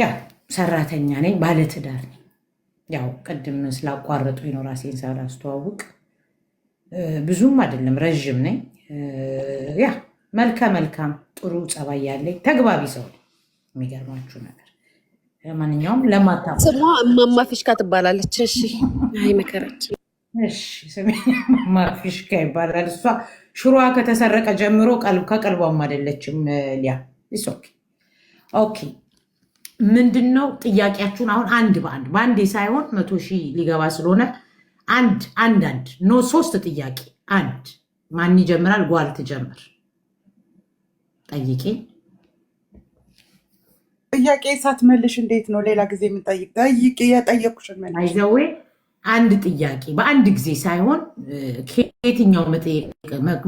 ያ ሰራተኛ ነኝ፣ ባለትዳር ነኝ። ያው ቅድም ስላቋረጡ ነው ራሴን ሳላስተዋውቅ ብዙም አይደለም ረዥም ነኝ። ያ መልከ መልካም ጥሩ ጸባይ ያለኝ ተግባቢ ሰው ነኝ። የሚገርማችሁ ነገር ማንኛውም ለማታ ስሟ እማማ ፊሽካ ትባላለች። እሺ አይ መከራችን። እሺ ይባላል። እሷ ሽሮዋ ከተሰረቀ ጀምሮ ከቀልቧም አይደለችም። ሊያ ኦኬ ኦኬ ምንድን ነው ጥያቄያችሁን? አሁን አንድ በአንድ በአንዴ ሳይሆን መቶ ሺህ ሊገባ ስለሆነ አንድ አንድ አንድ ኖ ሶስት ጥያቄ አንድ ማን ይጀምራል? ጓል ትጀምር። ጠይቄ ጥያቄ ሳትመልሽ እንዴት ነው ሌላ ጊዜ የምንጠይቅ? ጠይቄ የጠየኩሽን መልሽ። አይዘዌ አንድ ጥያቄ በአንድ ጊዜ ሳይሆን ከየትኛው መጠየቅ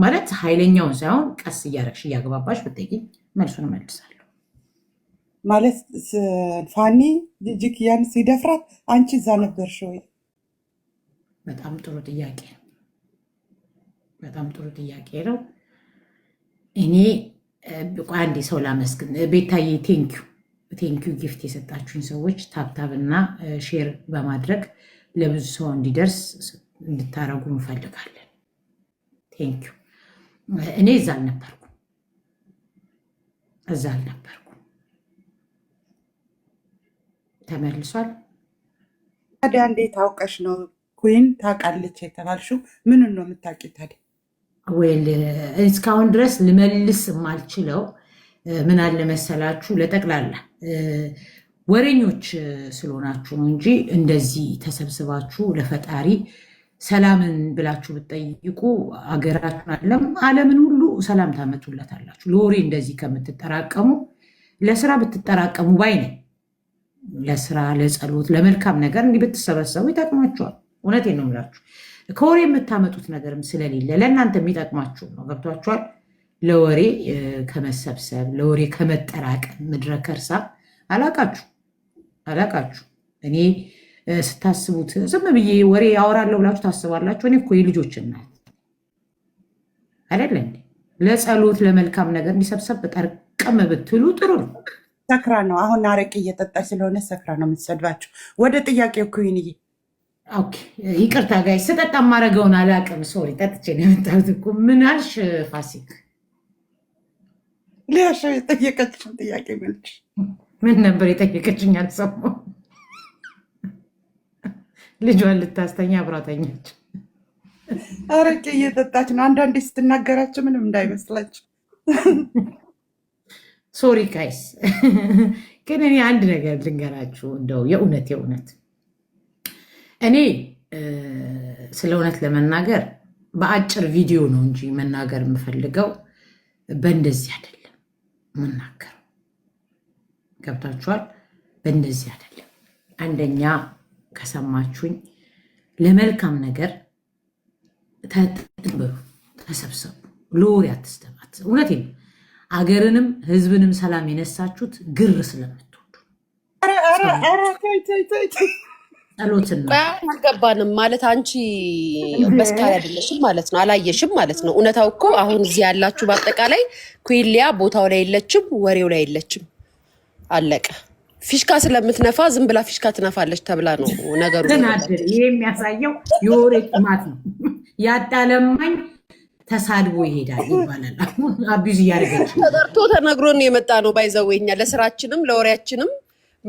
ማለት ኃይለኛውን ሳይሆን ቀስ እያረግሽ እያገባባሽ ብትጠይቂ መልሱን እመልሳለሁ። ማለት ፋኒ ጂጂክያን ሲደፍራት አንቺ እዛ ነበርሽ ወይ? በጣም ጥሩ ጥያቄ፣ በጣም ጥሩ ጥያቄ ነው። እኔ አንዴ ሰው ላመስግን። ቤታዬ ቴንኪዩ ቴንኪዩ፣ ጊፍት የሰጣችሁኝ ሰዎች ታብታብ እና ሼር በማድረግ ለብዙ ሰው እንዲደርስ እንድታረጉ እንፈልጋለን። ቴንኪዩ። እኔ እዛ አልነበርኩም፣ እዛ አልነበርኩም ተመልሷል። ታዲያ እንዴት አውቀሽ ነው ኩን ታውቃለች የተባልሽው? ምኑን ነው የምታውቂው ታዲያ? ወይል እስካሁን ድረስ ልመልስ የማልችለው ምን አለ መሰላችሁ፣ ለጠቅላላ ወሬኞች ስለሆናችሁ ነው እንጂ እንደዚህ ተሰብስባችሁ ለፈጣሪ ሰላምን ብላችሁ ብትጠይቁ አገራችን አለም አለምን ሁሉ ሰላም ታመጡለታላችሁ። ለወሬ እንደዚህ ከምትጠራቀሙ ለስራ ብትጠራቀሙ ባይ ነኝ። ለስራ፣ ለጸሎት፣ ለመልካም ነገር እንዲህ ብትሰበሰቡ ይጠቅማችኋል። እውነቴን ነው የምላችሁ። ከወሬ የምታመጡት ነገርም ስለሌለ ለእናንተ የሚጠቅማችሁ ነው። ገብቷችኋል? ለወሬ ከመሰብሰብ ለወሬ ከመጠራቀም ምድረ ከርሳ አላቃችሁ አላቃችሁ። እኔ ስታስቡት ዝም ብዬ ወሬ ያወራለሁ ብላችሁ ታስባላችሁ። እኔ እኮ የልጆች እናት አይደለ? ለጸሎት ለመልካም ነገር እንዲሰብሰብ ጠርቅም ብትሉ ጥሩ ነው። ሰክራ ነው። አሁን አረቄ እየጠጣች ስለሆነ ሰክራ ነው የምትሰድባቸው። ወደ ጥያቄው ኩዊንዬ ይቅርታ ጋይ ስጠጣ ማድረገውን አላውቅም። ሶሪ ጠጥቼ ነው የመጣሁት እኮ። ምን አልሽ ፋሲክ? ሊያሸው የጠየቀችን ጥያቄ መልሽ። ምን ነበር የጠየቀችኝ? ያልሰሙ ልጇን ልታስተኛ አብራተኛች። አረቄ እየጠጣች ነው። አንዳንዴ ስትናገራቸው ምንም እንዳይመስላቸው ሶሪ ጋይስ፣ ግን እኔ አንድ ነገር ልንገራችሁ። እንደው የእውነት የእውነት እኔ ስለ እውነት ለመናገር በአጭር ቪዲዮ ነው እንጂ መናገር የምፈልገው በእንደዚህ አይደለም የምናገረው። ገብታችኋል? በእንደዚህ አይደለም። አንደኛ ከሰማችሁኝ ለመልካም ነገር ተሰብሰቡ፣ ሎሪ አትስተባት። እውነቴን ነው አገርንም ህዝብንም ሰላም የነሳችሁት ግር ስለምትወዱ ጸሎትን አልገባንም ማለት አንቺ መስካሪ አይደለሽም ማለት ነው። አላየሽም ማለት ነው። እውነታው እኮ አሁን እዚህ ያላችሁ በአጠቃላይ ኩሊያ ቦታው ላይ የለችም፣ ወሬው ላይ የለችም። አለቀ። ፊሽካ ስለምትነፋ ዝም ብላ ፊሽካ ትነፋለች ተብላ ነው ነገሩ። ይሄ የሚያሳየው የወሬ ጥማት ነው። ያጣለማኝ ተሳድቦ ይሄዳል ይባላል። አሁን አቢዝ እያደረገች ተጠርቶ ተነግሮን የመጣ ነው ባይዘወኛ ለስራችንም ለወሬያችንም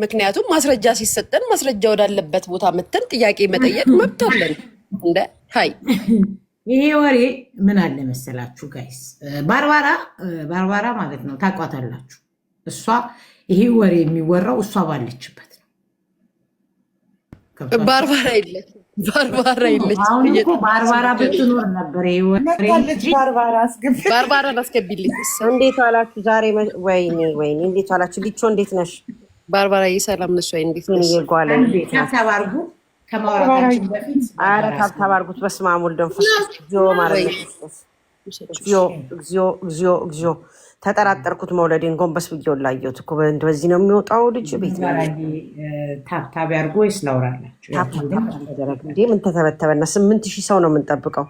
ምክንያቱም ማስረጃ ሲሰጠን ማስረጃ ወዳለበት ቦታ መተን ጥያቄ መጠየቅ መብት አለን። እንደ ሀይ ይሄ ወሬ ምን አለ መሰላችሁ ጋይስ፣ ባርባራ ባርባራ ማለት ነው ታቋታላችሁ። እሷ ይሄ ወሬ የሚወራው እሷ ባለችበት ነው። ባርባራ የለችም ባርባራ የለች። ባርባራ ብትኖር ነበር። ባርባራ አስገቢልኝ። እንዴት ዋላችሁ? ዛሬ ወይኔ ወይኔ፣ እንዴት ዋላችሁ? ልቾ እንዴት ነሽ? ባርባራ የሰላም ነሽ ወይ? እንዴት ነሽ? ጓለ ታባርጉ ከማውራታችን በፊት ኧረ ታባርጉት። በስመ አብ ወልድ ወመንፈስ ቅዱስ። እግዚኦ እግዚኦ እግዚኦ እግዚኦ ተጠራጠርኩት መውለዴን። ጎንበስ ብዬ ላየሁት እኮ በዚህ ነው የሚወጣው ልጅ ቤት ታብታቢ አድርጎ ይስለውራላቸው እንደ ምን ተተበተበና፣ ስምንት ሺህ ሰው ነው የምንጠብቀው።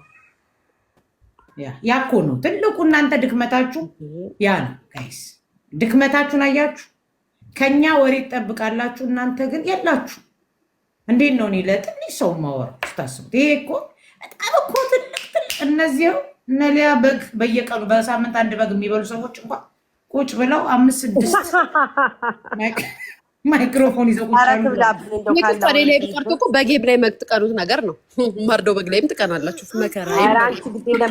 ያ እኮ ነው ትልቁ እናንተ ድክመታችሁ ያ ነው። ጋይስ ድክመታችሁን አያችሁ። ከኛ ወሬ ትጠብቃላችሁ፣ እናንተ ግን የላችሁ። እንዴት ነው እኔ ለትንሽ ሰው ማወር ስታስቡት? ይሄ እኮ በጣም እኮ ትልቅ ትልቅ እነዚህ እነ ሊያ በግ በየቀኑ በሳምንት አንድ በግ የሚበሉ ሰዎች እንኳን ቁጭ ብለው አምስት ስድስት ማይክሮፎን ይዘው ቁጭ ላይ ብቀርቶ እኮ በጌብ ላይ የምትቀኑት ነገር ነው። መርዶ በግ ላይም ትቀናላችሁ። መከራ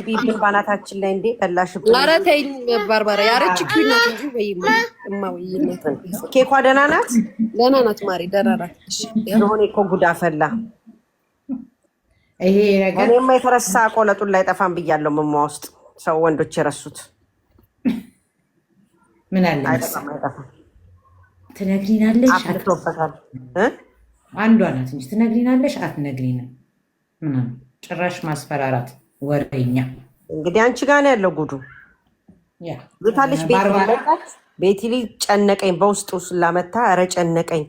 ጊዜ ባናታችን ላይ እንዴ በላሽ። ኧረ ተይኝ ባርባራ ያረች ናት ወይ እማውይነት ኬኳ ደህና ናት፣ ደህና ናት ማሪ ደህና ናት። እኮ ጉዳ ፈላ ይሄ ነገር እኔማ የተረሳ ቆለጡን ላይ ጠፋን ብያለሁ። ምማ ውስጥ ሰው ወንዶች የረሱት ምን አለ ትነግሪናለሽ፣ አፍልቶበታል። አንዷ ናት እንጂ ትነግሪናለሽ፣ አትነግሪንም ምናምን ጭራሽ ማስፈራራት ወረኛ። እንግዲህ አንቺ ጋር ነው ያለው ጉዱ። ታለች ቤቲ ጨነቀኝ፣ በውስጡ ስላመታ ኧረ ጨነቀኝ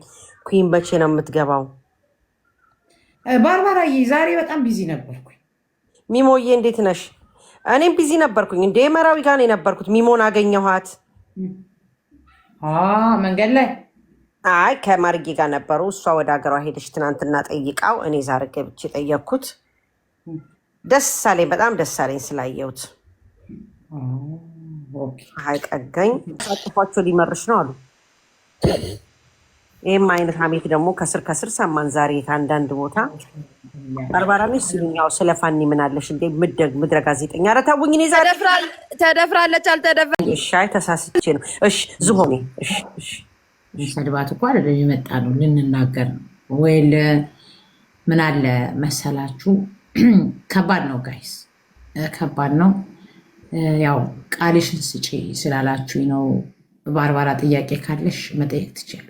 ኩን መቼ ነው የምትገባው? ባርባራዬ ዛሬ በጣም ቢዚ ነበርኩኝ። ሚሞዬ እንዴት ነሽ? እኔም ቢዚ ነበርኩኝ። እንደ መራዊ ጋር ነው የነበርኩት። ሚሞን አገኘኋት መንገድ ላይ። አይ ከማርጌ ጋር ነበሩ። እሷ ወደ ሀገሯ ሄደች ትናንትና ጠይቃው፣ እኔ ዛሬ ገብቼ ጠየቅኩት። ደስ አለኝ፣ በጣም ደስ አለኝ ስላየሁት። አይ ቀገኝ ጥፏቸው ሊመርሽ ነው አሉ ይህም አይነት ሀሜት ደግሞ ከስር ከስር ሰማን ዛሬ ከአንዳንድ ቦታ ባርባራሚስ ሲሉኛው ስለ ፋኒ ምናለሽ እንዴ ምድረ ጋዜጠኛ ኧረ ተውኝ እኔ ዛሬ ተደፍራለች አልተደፍራለች እሺ አይ ተሳስቼ ነው እሺ ዝሆኔ ሰድባት እኮ አይደለም የመጣ ነው ልንናገር ነው ወይ ምን አለ መሰላችሁ ከባድ ነው ጋይስ ከባድ ነው ያው ቃልሽን ስጪ ስላላችሁ ነው ባርባራ ጥያቄ ካለሽ መጠየቅ ትችል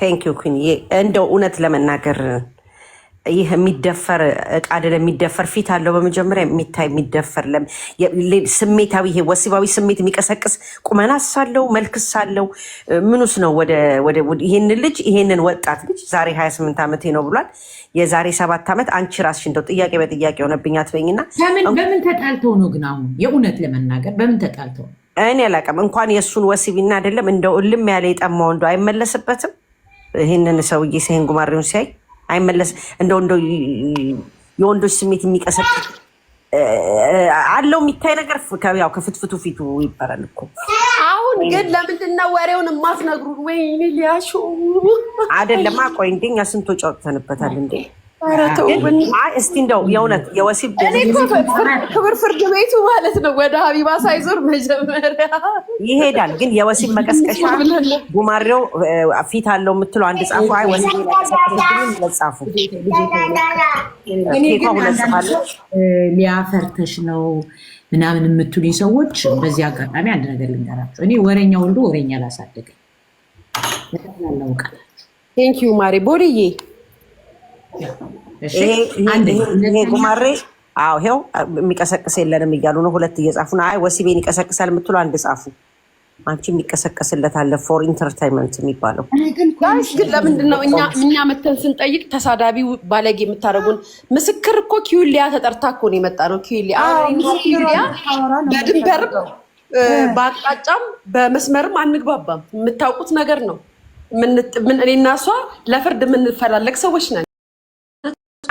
ቴንክ ዩ እንደው እውነት ለመናገር ይህ የሚደፈር እቃ አይደለም፣ የሚደፈር ፊት አለው። በመጀመሪያ የሚታይ የሚደፈር ስሜታዊ ይሄ ወሲባዊ ስሜት የሚቀሰቅስ ቁመና ሳለው መልክስ ሳለው ምኑስ ነው? ይህን ልጅ ይህንን ወጣት ልጅ ዛሬ 28 ዓመቴ ነው ብሏል። የዛሬ ሰባት ዓመት አንቺ ራስሽ እንደው ጥያቄ በጥያቄ ሆነብኝ አትበይኝና፣ በምን ተጣልተው ነው ግን? አሁን የእውነት ለመናገር በምን ተጣልተው እኔ አላውቅም። እንኳን የእሱን ወሲብና አይደለም እንደው እልም ያለ የጠማው እንደው አይመለስበትም ይህንን ሰውዬ ሲሄን ጉማሬውን ሲያይ አይመለስ እንደ የወንዶች ስሜት የሚቀሰቅስ አለው የሚታይ ነገር ያው ከፍትፍቱ ፊቱ ይባላል እኮ። አሁን ግን ለምንድነው ወሬውን የማትነግሩን? ወይ ሊያሹ አይደለማ። ቆይ እንዴ ስንቶ ስንት እንዴ እስቲ እንደው የእውነት የወሲብ ክብር ፍርድ ቤቱ ማለት ነው። ወደ ሀቢባ ሳይዞር መጀመሪያ ይሄዳል። ግን የወሲብ መቀስቀሻ ጉማሬው ፊት አለው የምትሉ አንድ ጻፉ። አይ ወሲብ ሊያፈርተሽ ነው ምናምን የምትሉኝ ሰዎች በዚህ አጋጣሚ አንድ ነገር ልንገራቸው። እኔ ወሬኛ ሁሉ ወሬኛ ላሳደገኝ ላውቃላችሁ። ቴንኪዩ ማሬ ቦድዬ ይሄ ጉማሬ አዎ ይሄው የሚቀሰቅስ የለንም እያሉ ነው። ሁለት እየጻፉ ነው። አይ ወሲቤን ይቀሰቅሳል የምትሉ አንድ ጻፉ። አንቺ የሚቀሰቀስለት አለ ፎር ኢንተርታይንመንት የሚባለው ግን ለምንድን ነው እኛ እኛ መተን ስንጠይቅ ተሳዳቢ ባለጌ የምታደርጉን? ምስክር እኮ ኪዩሊያ ተጠርታ እኮ ነው የመጣ ነው። ኪዩሊያ በድንበርም በአቅጣጫም በመስመርም አንግባባም። የምታውቁት ነገር ነው። እኔ እሷ ለፍርድ የምንፈላለግ ሰዎች ነን።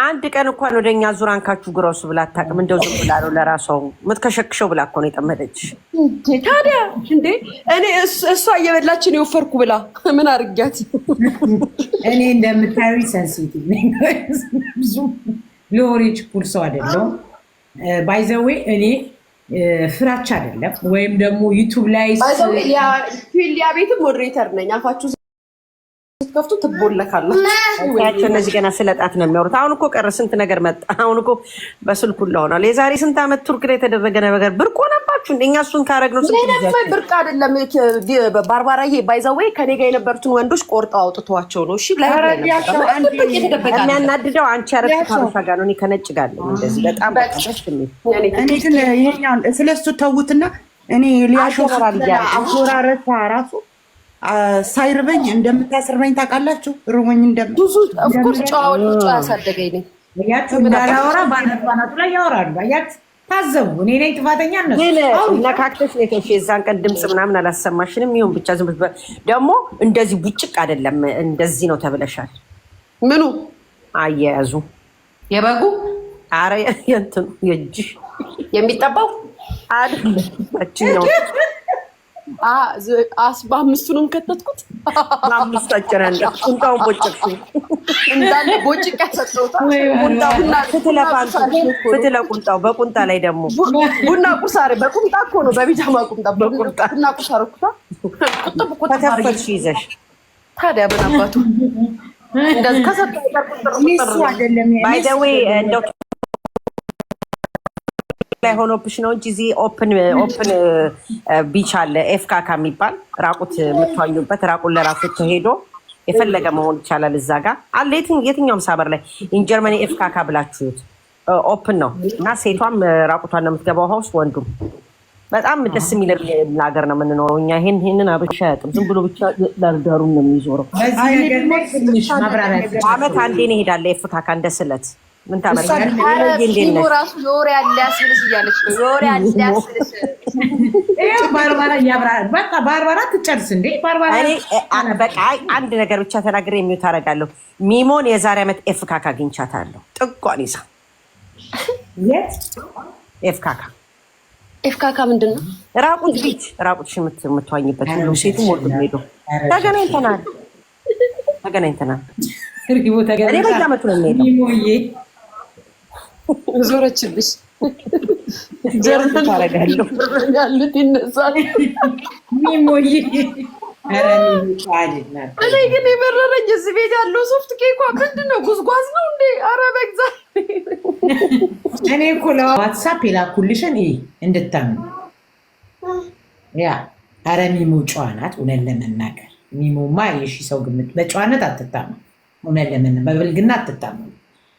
አንድ ቀን እንኳን ወደ እኛ ዙር አንካችሁ ግረሱ ብላ አታውቅም። እንደው ዝም ብላ ነው ለራሷው የምትከሸክሸው ብላ እኮ ነው የጠመደች። ታዲያ እንዴ እኔ እሷ እየበላችን የወፈርኩ ብላ ምን አድርጊያት። እኔ እንደምታዩ ሰንሲቲ ብዙ ለወሬ ችኩል ሰው አይደለሁም። ባይዘዌ እኔ ፍራቻ አይደለም ወይም ደግሞ ዩቱብ ላይ ያ ቤትም ሞዴሬተር ነኝ አልፋችሁ ስትከፍቱ ትቦለካላችሁ። እነዚህ ገና ስለጣት ነው የሚያወሩት። አሁን እኮ ቀረ፣ ስንት ነገር መጣ። አሁን እኮ በስልኩ ሆኗል። የዛሬ ስንት ዓመት ቱርክ ላይ የተደረገ ነገር ብርቅ ሆነባችሁ። እኛ እሱን ካረግ ነው ብርቅ አይደለም። ባርባራ ባይዘወይ ባይዛዌ ከኔ ጋር የነበሩትን ወንዶች ቆርጠው አውጥተዋቸው ነው። እሺ የሚያናድደው አንቺ ያረግ ከሀበሻ ጋር ነው፣ እኔ ከነጭ ጋር ነው። እንደዚህ በጣም እኔ ግን ይሄኛውን ስለሱ ተዉትና እኔ ሊያሾራል አሾራረሳ ራሱ ሳይርበኝ እንደምታስርበኝ ታውቃላችሁ። ርቦኝ ብዙ ኦፍኮርስ ጨዋወሉ ጨዋ ያሳደገኝ ነኝ ያት እንዳላወራ በአናት ላይ ያወራሉ። አያት ታዘቡ። እኔ ነኝ ጥፋተኛ እነሱ ነካክተሽ ነው የዛን ቀን ድምፅ ምናምን አላሰማሽንም። ይሁን ብቻ ዝም ደግሞ እንደዚህ ቡጭቅ አይደለም እንደዚህ ነው ተብለሻል። ምኑ አያያዙ የበጉ አረ የእንትኑ የእጅሽ የሚጠባው አይደለም በአምስቱንም ከተትኩት። በአምስቱ አጨናለ ቁንጣውን ቦጨቅሽ እንዳለ ቦጭቅ ፍትለ ቁንጣው በቁንጣ ላይ ደግሞ ቡና ቁሳር በቁምጣ እኮ ነው። በቢጃማ ቁምጣ በቁምጣ ቡና ቁርሳሬ ኩታ ተከፈልሽ ይዘሽ ታዲያ ምን አባቱ እንደዚህ ከሰጠ አይደለም ባይደዌ እንደው ላይ ሆኖብሽ ነው እንጂ እዚህ ኦፕን ኦፕን ቢች አለ ኤፍካካ የሚባል ራቁት የምትዋኙበት ራቁን ለራሱ ተሄዶ የፈለገ መሆን ይቻላል። እዛ ጋር አለ የትኛውም ሳበር ላይ ኢንጀርመኒ ኤፍካካ ብላችሁት ኦፕን ነው እና ሴቷም ራቁቷን ነው የምትገባው ሀውስ ወንዱም በጣም ደስ የሚል ሀገር ነው የምንኖረው እኛ። ይህን ይህንን አበሻ ያጥም ዝም ብሎ ብቻ ዳርዳሩን ነው የሚዞረው። አመት አንዴ ነው ይሄዳለ የፍካካ እንደስለት ምን ታመጣለህ? አንድ ነገር ብቻ ተናግሬ የሚውት አደርጋለሁ። ሚሞን የዛሬ ዓመት ኤፍካካ አግኝቻታለሁ። ጥቋን ይዛ ኤፍካካ ኤፍካካ ምንድን ነው? ራቁት ቤት ራቁትሽ የምትዋኝበት ነው። ሴቱም ወዱ ሄዶ ተገናኝተናል፣ ተገናኝተናል። እኔ በየዓመቱ ነው የሚሄደው ዞረችልሽ። ጀርታረጋለሁ ያሉት ይነሳል። ሚሞይ እኔ ግን የመረረኝ እዚህ ቤት ያለው ሶፍት ኬኳ ምንድን ነው? ጉዝጓዝ ነው እንዴ? እኔ እኮ ለዋትሳፕ የላኩልሽን ይሄ እንድታምኑ ያ አረ ሚሞ እውነት ለመናገር ሚሞማ የሺ ሰው ግምት በጨዋነት እውነት ለመናገር በብልግና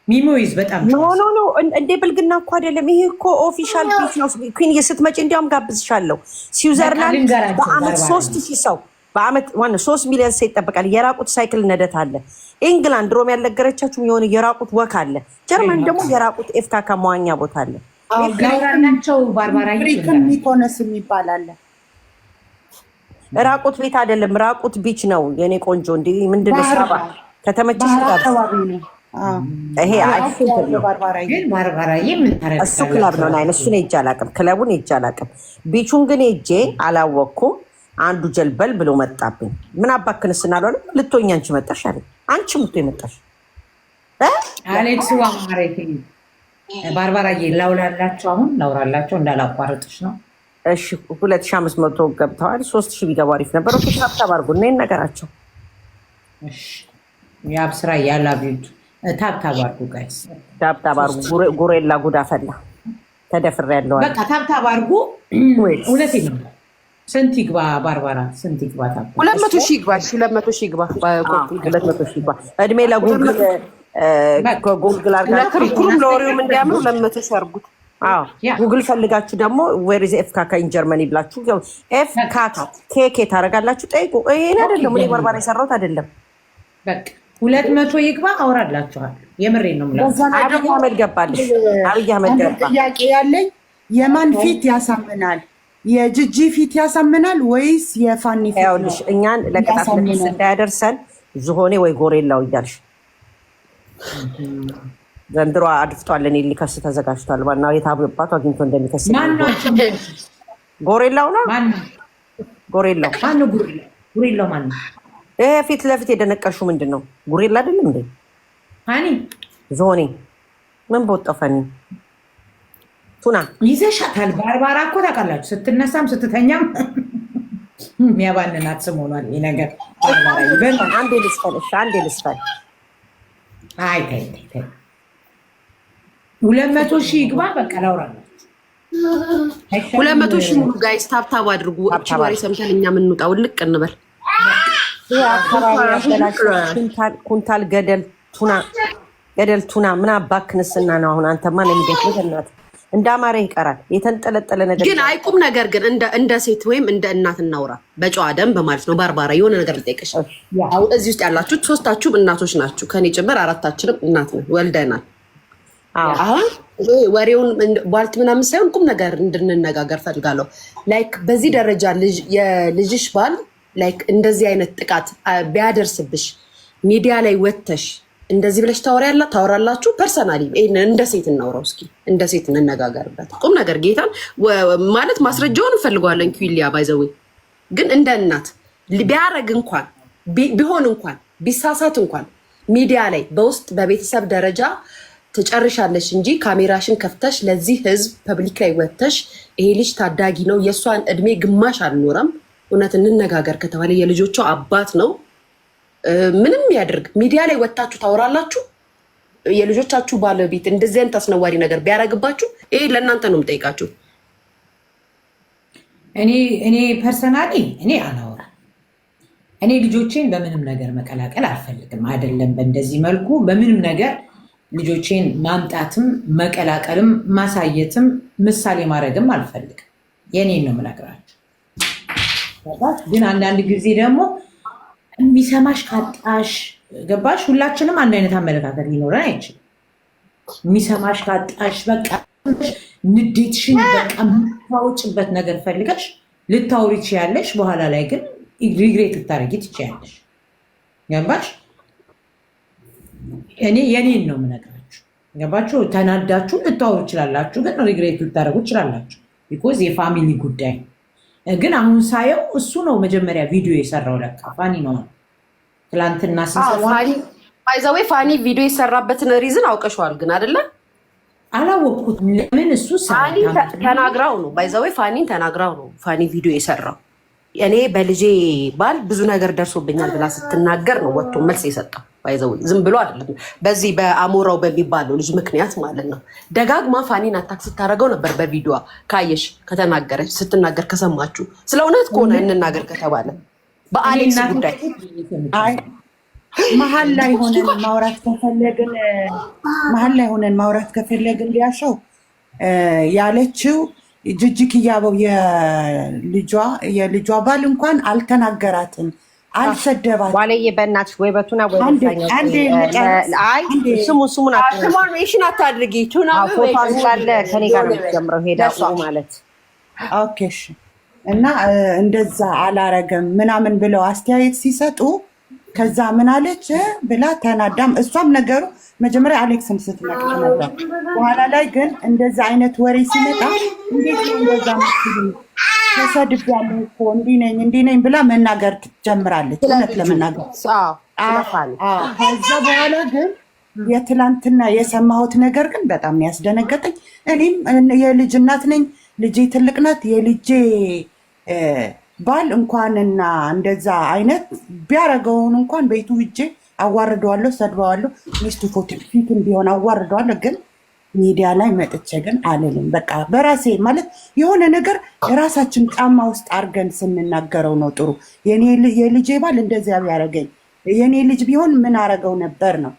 ሚሞይዝ በጣም ኖ ኖ ኖ እንዴ ብልግና እኮ አይደለም። ይሄ እኮ ኦፊሻል ቤት ነው። ኩን የስትመጪ እንዲያውም ጋብዝሻለሁ። ስዊዘርላንድ በአመት ሶስት ሺህ ሰው በአመት ዋና ሶስት ሚሊዮን ሰው ይጠበቃል። የራቁት ሳይክል ነደት አለ። ኢንግላንድ ሮም ያልነገረቻችሁም የሆነ የራቁት ወክ አለ። ጀርመን ደግሞ የራቁት ኤፍካካ ከመዋኛ ቦታ አለ። ናቸው ባርባራሪክም ሚኮነስ የሚባል አለ። ራቁት ቤት አይደለም ራቁት ቢች ነው የኔ ቆንጆ። እንዲ ምንድነው ከተመቸሽ ጋር ይሄ እሱ ክለብ ነው ናይ እሱን ሄጄ አላውቅም። ክለቡን ሄጄ አላውቅም። ቢቹን ግን ሄጄ አላወቅኩም። አንዱ ጀልበል ብሎ መጣብኝ። ምን አንቺ መጣሽ አለኝ። አንቺ ምቶ የመጣሽ አሌክስ ባርባራዬ ላውላላቸው አሁን ላውራላቸው እንዳላቋረጥሽ ነው። እሺ ሁለት ሺህ አምስት መቶ ገብተዋል። ሶስት ሺህ አሪፍ ነበር። ሀብታብ ይህን ነገራቸው ያላቢቱ ታብታብ ጋይስ፣ ታብታብ ጉሬላ ጉዳ ፈላ ተደፍሬያለሁ። በቃ ታብታብ አድርጉ። እውነት ነው። ስንት ይግባ ባርባራ? ስንት ይግባ? ሁለት መቶ ሺህ ይግባ። ሁለት መቶ ሺህ ይግባ። ሁለት መቶ ሺህ ይግባ። እድሜ ለጉግል ከጉግል ክርክሩም ለወሬውም እንዲያምር ሁለት መቶ ሺህ ጉግል ፈልጋችሁ ደግሞ ዌር ኢዝ ኤፍ ካካ ኢን ጀርመኒ ብላችሁ ኤፍ ካካ ኬኬ ታደርጋላችሁ። ጠይቁ። ይሄን አይደለም እኔ ባርባራ የሰራሁት አይደለም። ሁለት መቶ ይግባ አውራላችኋል። የምሬ ነው። አብይ አህመድ ገባልሽ። ጥያቄ ያለኝ የማን ፊት ያሳምናል? የጅጂ ፊት ያሳምናል ወይስ የፋኒ ፊት? ይኸውልሽ እኛን ለቅጣት እንዳያደርሰን ዝሆኔ ወይ ጎሬላው እያልሽ ዘንድሮ አድፍቷል። እኔ ሊከስ ተዘጋጅቷል። ዋና የታባቱ አግኝቶ እንደሚከስ ጎሬላው ነው። ጎሬላው ማነው? ጎሬላው ማነው? ፊት ለፊት የደነቀሹ ምንድን ነው? ጉሬላ አይደለም እንዴ? አኒ ዞኔ ምን ቦጠፈኒ ቱና ይዘሻታል። ባርባራ እኮ ታውቃላችሁ፣ ስትነሳም ስትተኛም የሚያባንናት ስም ሆኗል። ይህ ነገር አንዴ ልስፈል፣ አንዴ ልስፈል። አይ ተይ ተይ፣ ሁለት መቶ ሺህ ይግባ። በቃ ላውራለሁ። ሁለት መቶ ሺህ ሙሉ ጋይስ ታብታብ አድርጉ። እቺ ሰምተን እኛ የምንውጣ ውልቅ እንበል። ኩንታል ገደል ቱና ገደል ቱና ምን አባ ክንስና ነው አሁን አንተማ ነው የሚደት እናት እንደ አማራ ይቀራል የተንጠለጠለ ነገር ግን አይቁም ነገር ግን እንደ ሴት ወይም እንደ እናት እናውራ በጨዋ ደንብ ማለት ነው ባርባራ የሆነ ነገር ልጠይቅሽ እዚህ ውስጥ ያላችሁት ሶስታችሁም እናቶች ናችሁ ከኔ ጭምር አራታችንም እናት ነው ወልደናል አሁን ወሬውን ቧልት ምናምን ሳይሆን ቁም ነገር እንድንነጋገር ፈልጋለሁ ላይክ በዚህ ደረጃ የልጅሽ ባል ላይክ እንደዚህ አይነት ጥቃት ቢያደርስብሽ ሚዲያ ላይ ወጥተሽ እንደዚህ ብለሽ ታወሪያላ ታወራላችሁ። ፐርሰናሊ እንደ ሴት እናውራው እስኪ፣ እንደ ሴት እንነጋገርበት ቁም ነገር ጌታን ማለት ማስረጃውን እንፈልገዋለን። ኪሊያ ባይዘዌ ግን እንደ እናት ቢያረግ እንኳን ቢሆን እንኳን ቢሳሳት እንኳን ሚዲያ ላይ በውስጥ በቤተሰብ ደረጃ ትጨርሻለሽ እንጂ ካሜራሽን ከፍተሽ ለዚህ ህዝብ ፐብሊክ ላይ ወጥተሽ ይሄ ልጅ ታዳጊ ነው፣ የእሷን እድሜ ግማሽ አልኖረም እውነት እንነጋገር ከተባለ የልጆቿ አባት ነው። ምንም ያደርግ ሚዲያ ላይ ወጥታችሁ ታወራላችሁ። የልጆቻችሁ ባለቤት እንደዚህ አይነት አስነዋሪ ነገር ቢያደርግባችሁ ይሄ ለእናንተ ነው የምጠይቃችሁ። እኔ እኔ ፐርሰናሊ እኔ አላወራም። እኔ ልጆቼን በምንም ነገር መቀላቀል አልፈልግም። አይደለም በእንደዚህ መልኩ በምንም ነገር ልጆቼን ማምጣትም መቀላቀልም ማሳየትም ምሳሌ ማድረግም አልፈልግም። የእኔን ነው የምነግራቸው። ግን አንዳንድ ጊዜ ደግሞ የሚሰማሽ ካጣሽ ገባሽ። ሁላችንም አንድ አይነት አመለካከት ሊኖረን አይችልም። የሚሰማሽ ካጣሽ በቃ ንዴትሽን በቃ የምታወጭበት ነገር ፈልገሽ ልታወሪ ትችያለሽ። በኋላ ላይ ግን ሪግሬት ልታደርጊ ትችያለሽ። ገባሽ? እኔ የኔን ነው የምነግራችሁ። ገባችሁ? ተናዳችሁ ልታወሩ ትችላላችሁ፣ ግን ሪግሬት ልታደርጉ ትችላላችሁ። ቢኮዝ የፋሚሊ ጉዳይ ግን አሁን ሳየው እሱ ነው መጀመሪያ ቪዲዮ የሰራው። ለቃ ፋኒ ነው ትላንትና ስሰዋይዛዌ ፋኒ ቪዲዮ የሰራበትን ሪዝን አውቀሸዋል ግን አደለ? አላወቅኩት ለምን እሱ ተናግራው ነው። ባይዘዌ ፋኒን ተናግራው ነው ፋኒ ቪዲዮ የሰራው። እኔ በልጄ ባል ብዙ ነገር ደርሶብኛል ብላ ስትናገር ነው ወጥቶ መልስ የሰጠው። ባይዘው ዝም ብሎ አይደለም። በዚህ በአሞራው በሚባለው ልጅ ምክንያት ማለት ነው። ደጋግማ ፋኒን አታክ ስታደርገው ነበር። በቪዲዮ ካየሽ ከተናገረች ስትናገር ከሰማችሁ ስለ እውነት ከሆነ እንናገር ከተባለ በአሌክስ ጉዳይ መሀል ላይ ሆነን ማውራት ከፈለግን መሀል ላይ ሆነን ማውራት ከፈለግን ሊያሸው ያለችው ጅጅክ እያበው የልጇ ባል እንኳን አልተናገራትም አልሰደባት ዋለዬ፣ በእናትሽ ወይ በቱና ወይ ስሙ ስሙን ሽን አታድርጊ። ቱናለ ከኔ ጋር ነው የምትጀምረው። ሄዳ ማለት ኦኬ፣ እና እንደዛ አላረገም ምናምን ብለው አስተያየት ሲሰጡ ከዛ ምን አለች ብላ ተናዳም። እሷም ነገሩ መጀመሪያ አሌክስን ስትመጣ ነበር። በኋላ ላይ ግን እንደዛ አይነት ወሬ ሲመጣ እንዴት ነው እንደዛ ተሰድብ ያለው እኮ እንዲህ ነኝ እንዲህ ነኝ ብላ መናገር ትጀምራለች። እውነት ለመናገር ከዛ በኋላ ግን የትላንትና የሰማሁት ነገር ግን በጣም ያስደነገጠኝ። እኔም የልጅ እናት ነኝ። ልጄ ትልቅ ናት። የልጄ ባል እንኳንና እንደዛ አይነት ቢያረገውን እንኳን ቤቱ ሂጄ አዋርደዋለሁ፣ ሰድበዋለሁ። ሚስቱ ፎቶ ፊትን ቢሆን አዋርደዋለሁ ግን ሚዲያ ላይ መጥቼ ግን አልልም። በቃ በራሴ ማለት የሆነ ነገር የራሳችን ጫማ ውስጥ አድርገን ስንናገረው ነው ጥሩ። የልጄ ባል እንደዚያ ቢያደርገኝ የእኔ ልጅ ቢሆን ምን አረገው ነበር ነው።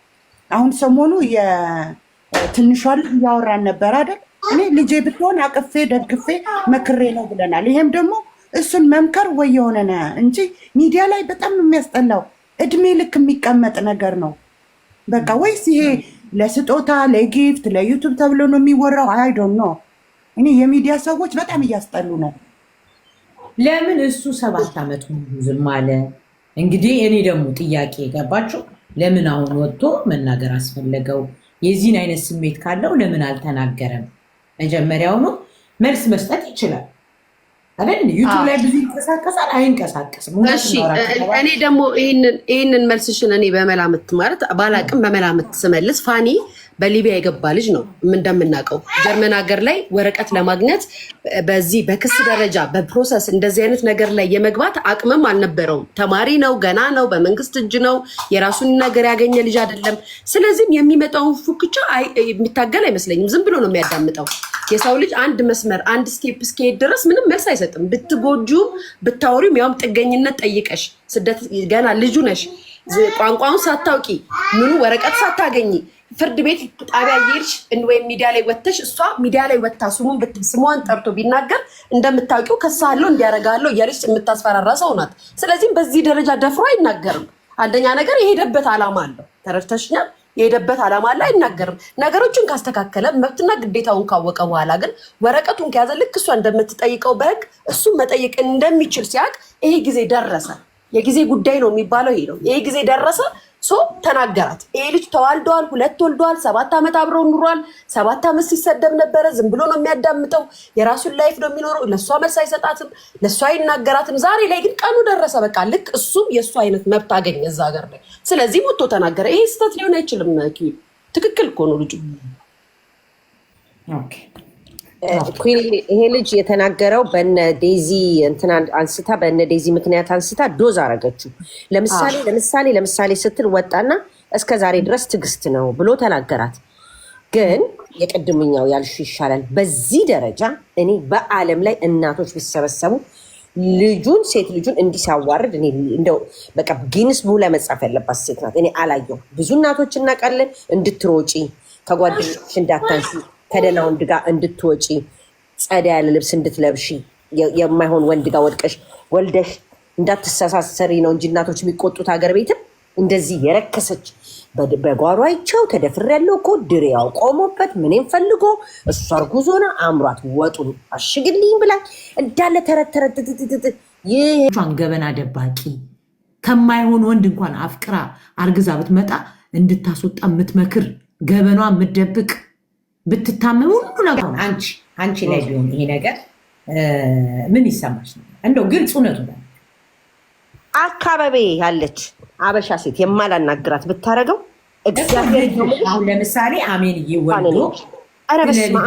አሁን ሰሞኑ የትንሿ ልጅ እያወራን ነበር አይደል? እኔ ልጄ ብትሆን አቅፌ ደግፌ መክሬ ነው ብለናል። ይሄም ደግሞ እሱን መምከር ወይ የሆነ እንጂ ሚዲያ ላይ በጣም የሚያስጠላው እድሜ ልክ የሚቀመጥ ነገር ነው። በቃ ወይስ ይሄ ለስጦታ ለጊፍት ለዩቱብ ተብሎ ነው የሚወራው። አይ ዶንት ኖ እኔ የሚዲያ ሰዎች በጣም እያስጠሉ ነው። ለምን እሱ ሰባት ዓመት ሙሉ ዝም አለ? እንግዲህ እኔ ደግሞ ጥያቄ የገባቸው ለምን አሁን ወጥቶ መናገር አስፈለገው? የዚህን አይነት ስሜት ካለው ለምን አልተናገረም? መጀመሪያውኑ መልስ መስጠት ይችላል። ዩቱብ ላይ ብዙ ይንቀሳቀሳል አይንቀሳቀስም። እኔ ደግሞ ይህንን መልስሽን እኔ በመላምት ማለት ባላቅም በመላምት ስመልስ ፋኒ በሊቢያ የገባ ልጅ ነው እንደምናውቀው። ጀርመን ሀገር ላይ ወረቀት ለማግኘት በዚህ በክስ ደረጃ በፕሮሰስ እንደዚህ አይነት ነገር ላይ የመግባት አቅምም አልነበረውም። ተማሪ ነው፣ ገና ነው፣ በመንግስት እጅ ነው። የራሱን ነገር ያገኘ ልጅ አይደለም። ስለዚህም የሚመጣው ፉክቻ የሚታገል አይመስለኝም። ዝም ብሎ ነው የሚያዳምጠው። የሰው ልጅ አንድ መስመር አንድ ስቴፕ እስኪሄድ ድረስ ምንም መልስ አይሰጥም። ብትጎጁም ብታወሪም ያውም ጥገኝነት ጠይቀሽ ስደት ገና ልጁ ነሽ፣ ቋንቋውን ሳታውቂ ምኑ ወረቀት ሳታገኝ ፍርድ ቤት ጣቢያ እየሄድሽ ወይም ሚዲያ ላይ ወጥተሽ እሷ ሚዲያ ላይ ወጥታ ስሟን ጠርቶ ቢናገር እንደምታውቂው ከሳለው እንዲያረጋለው እያለች የምታስፈራራ ሰው ናት። ስለዚህም በዚህ ደረጃ ደፍሮ አይናገርም። አንደኛ ነገር የሄደበት አላማ አለው። ተረድተሽኛል? የሄደበት አላማ ላይ አይናገርም። ነገሮችን ካስተካከለ መብትና ግዴታውን ካወቀ በኋላ ግን ወረቀቱን ከያዘ ልክ እሷ እንደምትጠይቀው በህግ እሱም መጠየቅ እንደሚችል ሲያውቅ ይሄ ጊዜ ደረሰ፣ የጊዜ ጉዳይ ነው የሚባለው ይሄ ነው። ይሄ ጊዜ ደረሰ ሶ ተናገራት። ይሄ ልጅ ተዋልደዋል፣ ሁለት ወልደዋል፣ ሰባት ዓመት አብረው ኑሯል። ሰባት ዓመት ሲሰደብ ነበረ። ዝም ብሎ ነው የሚያዳምጠው። የራሱን ላይፍ ነው የሚኖረው። ለእሷ መልስ አይሰጣትም፣ ለእሷ አይናገራትም። ዛሬ ላይ ግን ቀኑ ደረሰ። በቃ ልክ እሱም የእሱ አይነት መብት አገኘ እዛ ሀገር ላይ። ስለዚህ ሞቶ ተናገረ። ይሄ ስህተት ሊሆን አይችልም። ትክክል እኮ ነው ልጁ። ኦኬ ይሄ ልጅ የተናገረው በነ ዴዚ እንትና አንስታ በነ ዴዚ ምክንያት አንስታ ዶዝ አረገችው። ለምሳሌ ለምሳሌ ለምሳሌ ስትል ወጣና እስከ ዛሬ ድረስ ትዕግስት ነው ብሎ ተናገራት። ግን የቅድምኛው ያልሹ ይሻላል። በዚህ ደረጃ እኔ በዓለም ላይ እናቶች ቢሰበሰቡ ልጁን ሴት ልጁን እንዲሳዋርድ እንደው በቃ ጊንስ ቡ መጻፍ ያለባት ሴት ናት። እኔ አላየው። ብዙ እናቶች እናውቃለን። እንድትሮጪ ከጓደኞች እንዳታንሺ ከደህና ወንድ ጋር እንድትወጪ ጸዳ ያለ ልብስ እንድትለብሺ የማይሆን ወንድ ጋር ወድቀሽ ወልደሽ እንዳትሰሳሰሪ ነው እንጂ እናቶች የሚቆጡት ሀገር ቤትም እንደዚህ የረከሰች በጓሮ አይቸው ተደፍር ያለው እኮ ድሬያው ቆሞበት ምንም ፈልጎ እሷ እርጉዝ ሆና አእምሯት ወጡን አሽግልኝ ብላኝ እንዳለ ተረት ተረት ይህቿን ገበና ደባቂ ከማይሆን ወንድ እንኳን አፍቅራ አርግዛ ብትመጣ እንድታስወጣ የምትመክር ገበኗ የምትደብቅ ብትታመሙ ሁሉ ነገር አንቺ አንቺ ላይ ቢሆን ይሄ ነገር ምን ይሰማሽ ነው? እንደው ግልጽ እውነቱ አካባቢ ያለች አበሻ ሴት የማላናግራት ብታደረገው እግዚአብሔር አሁን ለምሳሌ አሜን ረበስማ